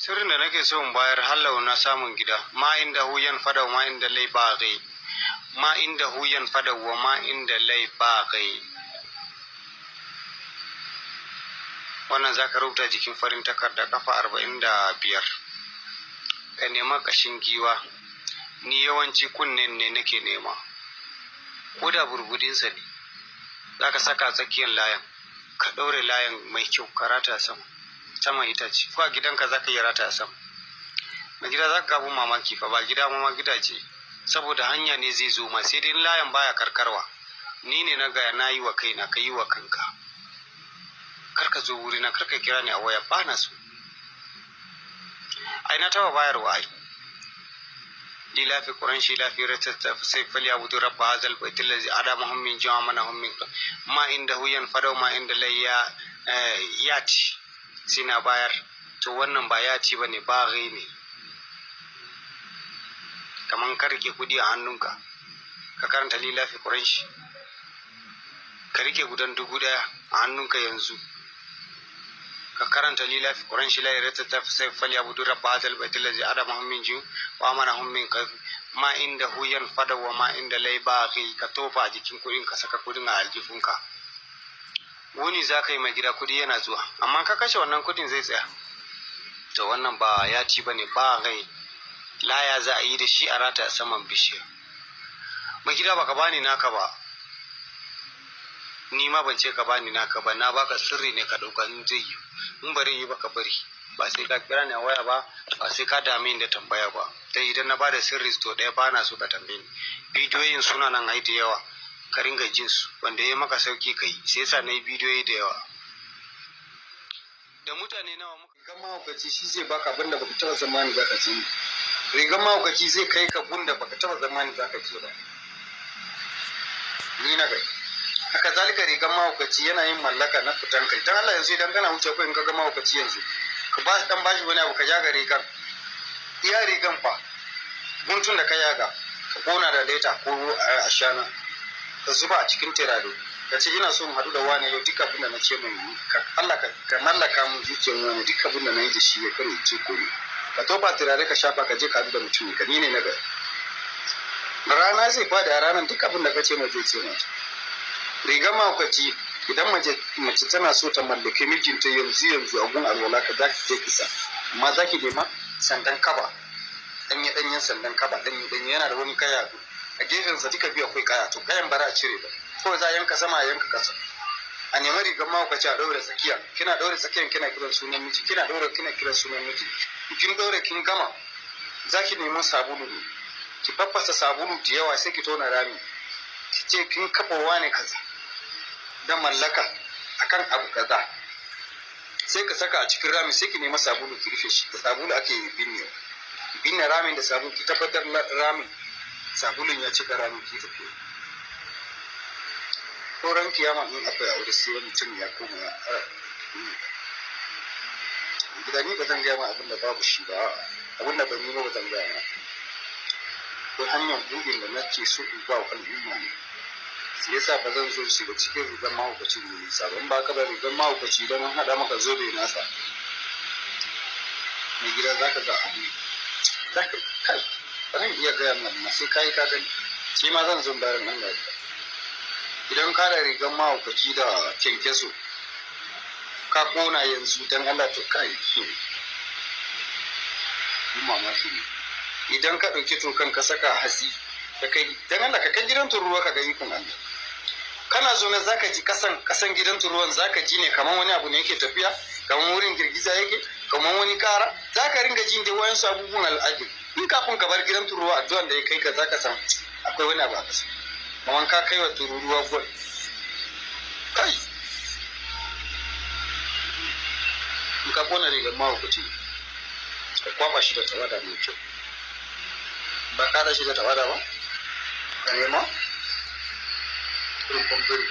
sirrin da nake so in bayar hallau na samun gida ma inda huyan fadau ma inda lai ba gai ma inda huyan fadau wa ma inda lai ba gai wannan zaka rubuta jikin farin takarda kafa arba'in da biyar ka nema kashin giwa ni yawanci kunnen ne nake nema ko da burbudinsa ne zaka saka tsakiyar layan ka ɗaure layan mai kyau karata sama saman itace ko a gidanka za ka iya rata a sama mai gida za ka gabu mamaki fa ba gida ma gidaje saboda hanya ne zai zo ma sai dai layan baya karkarwa ni ne na ga na yi wa kaina ka yi wa kanka kar ka zo wurina kar ka kira ni a waya ba na so ai na taba bayarwa ai لله lafi قرآن شيلا في رتت سيف فليعبدوا رب هذا البيت الذي أدامهم من جوع منهم من ما عنده ينفد وما عند الله ياتي sai na bayar to wannan ba ya ci bane ba ne kaman ka rike kudi a hannunka ka karanta lilafi ƙuranshi ka rike gudan dubu daya a hannunka yanzu ka karanta lilafi ƙuranshi la yarata ta fi sai abu yabudu ba hadal baitul ladzi adama hum min jin wa amana hum min ma inda huyan fada wa ma inda lai ba ka tofa a jikin kudin ka saka kudin a aljifunka wuni za ka yi mai gida kuɗi yana zuwa amma ka kashe wannan kuɗin zai tsaya to wannan ba ya ci ba ne ba gai laya za a yi da shi a rata a saman bishiya mai gida ba ka bani naka ba ni ma ban ce ka bani naka ba na baka sirri ne ka dauka in zai yi in bari yi baka bari ba sai ka kira ni a waya ba ba sai ka dame ni da tambaya ba dai idan na bada sirri to ɗaya bana na so ka tambaye ni bidiyoyin suna nan ai da yawa ka ringa jin su wanda ya maka sauki ka yi sai yasa na yi bidiyoyi da yawa da mutane nawa muka rigar mahaukaci shi zai baka abinda baka taɓa zamani za ka ce rigar mahaukaci zai kai ka bunda baka taɓa zamani za ka je ba ni na kai haka zalika rigar mahaukaci yana yin mallaka na fitan kai dan Allah yanzu idan kana wuce ko in ka ga mahaukaci yanzu ka ba dan bashi wani abu ka ga rigar iya rigan fa guntun da ka yaga ka kona da leta ko a shana ka zuba a cikin tirare ka ce ina so mu haɗu da wani yau duk abin da na ce mai yi, Allah ka mallaka mu zuciyar wani duk abin da na yi da shi ya kare ce koyi ka toba tirare ka shafa ka je ka haɗu da mutum ka ni ne na ga rana zai fada ranar duk abin da ka ce mai zai ce mai rigar maukaci idan mace tana so ta mallake mijinta yanzu yanzu a gun alwala ka za ki je kisa amma za ki nema sandan kaba ɗanye ɗanyen sandan kaba ɗanye ɗanye yana da wani kaya a gefensa duka biyu akwai kaya to kayan bara a cire ba ko za a yanka sama a yanka kasa a nemi rigar mahaukaci a ɗaure tsakiya kina ɗaure tsakiyan kina kiran sunan miji kina ɗaure kina kiran sunan miji kin ɗaure kin gama za ki nemi sabulu ne ki faffasa sabulu da yawa sai ki tona rami ki ce kin kafa ne kaza da mallaka akan abu kaza sai ka saka a cikin rami sai ki nemi sabulu ki rufe shi da sabulu ake binne binne ramin da sabulu ki tabbatar ramin sabulun ya ci kara miki tafi sauran kiyama in aka yi aure sai mutum ya koma ya ara ah, gida ni ba zan gaya ma abin da babu shi ba abin da ban yi ba zan gaya ma ko hanyar bugun da na ce so in ba wa al'umma ne sai yasa ba zan zo shiga cikin rigar mahaukaci ne nisa ban ba ka ba rigar mahaukaci don an haɗa maka zo bai nasa mai gida za ka ga abu za ka kai zan iya gaya mana sai ka yi ka gani shi ma zan zan barin Allah idan ka da rigar mahaukaci da kyankyaso ka kona yanzu don Allah to kai mamaki idan ka ɗauki tokan ka saka hatsi ka kai don Allah ka kai gidan ruwa ka gani kun Allah kana zo na zaka ji kasan kasan gidan ruwan zaka ji ne kamar wani abu ne yake tafiya kamar wurin girgiza yake kamar wani kara zaka ringa jin da wayansu abubuwan al'ajabi in kafin ka bar gidan turuwa zuwan da ya kai ka zaka san akwai wani abu a kasa amma ka kai wa tururuwa gol kai in ka kona rigar kuce ka kwaba shi da tawada mai kyau ba ka da shi da tawada ba ka nema rumfan biri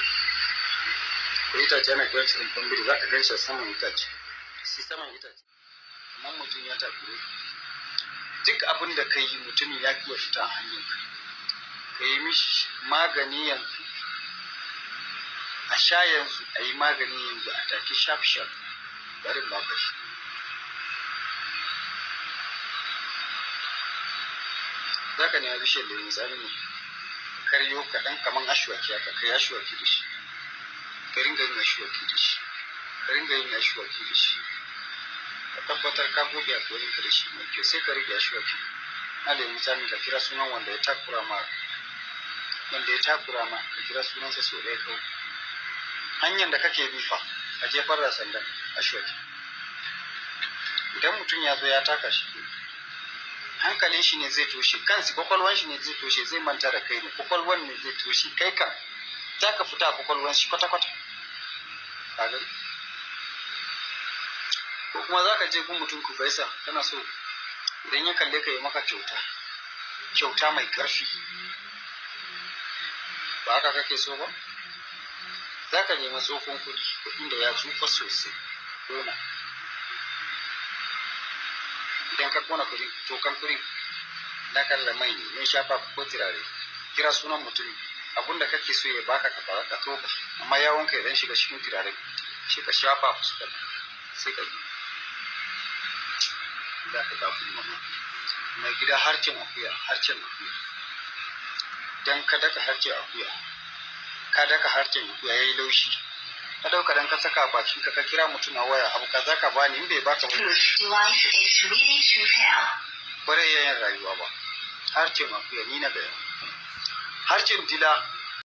ko itace yana kiran shi rumfan biri za ka gan shi saman itace shi saman itace amma mutum ya tafi duk abin da ka yi mutumin ya fi fita a hanyar ka yi mishi magani yanzu a sha yanzu a yi magani yanzu a take shaf shaf barin ba shi za ka nemi bishiyar lemun tsami ne karyo kaɗan kamar ashwaki aka kai ashwaki da shi ka ringa yin ashwaki da shi ka ringa yin ashwaki da shi ka tabbatar ka buɗe haƙorin ka da shi mai kyau sai ka riƙe shi wafi alal mutane ka kira sunan wanda ya takura ma wanda ya takura ma ka kira sunan sa sau ɗaya kawai hanyar da kake bi fa a jefar da sandan ashwaki idan mutum ya zo ya taka shi hankalin shi ne zai toshe kansa kwakwalwan shi ne zai toshe zai manta da kai ne kwakwalwan ne zai toshe kai kan za ka fita a kwakwalwan shi kwata-kwata ko kuma za ka je gun mutum ku faisa kana so idan ya kalle ka yi maka kyauta kyauta mai ƙarfi ba haka kake so ba za ka nema tsohon kuɗi kuɗin da ya tsufa sosai kona idan ka kona kuɗi tokan kuɗi na kalla mai ne mun shafa ko turare kira sunan mutum abinda kake so ya baka ka baka ka toka amma yawon ka idan shiga cikin turare shi ka shafa fuskar sai ka yi za ka ga mama mai gida harcin akuya harcin akuya dan ka daka harcin akuya ka daka harcin akuya yayi laushi ka dauka dan ka saka bakin ka ka kira mutum a waya abu kaza ka bani in bai baka ba hmm, bare yayin rayuwa ba harcin akuya ni na ga harcin dila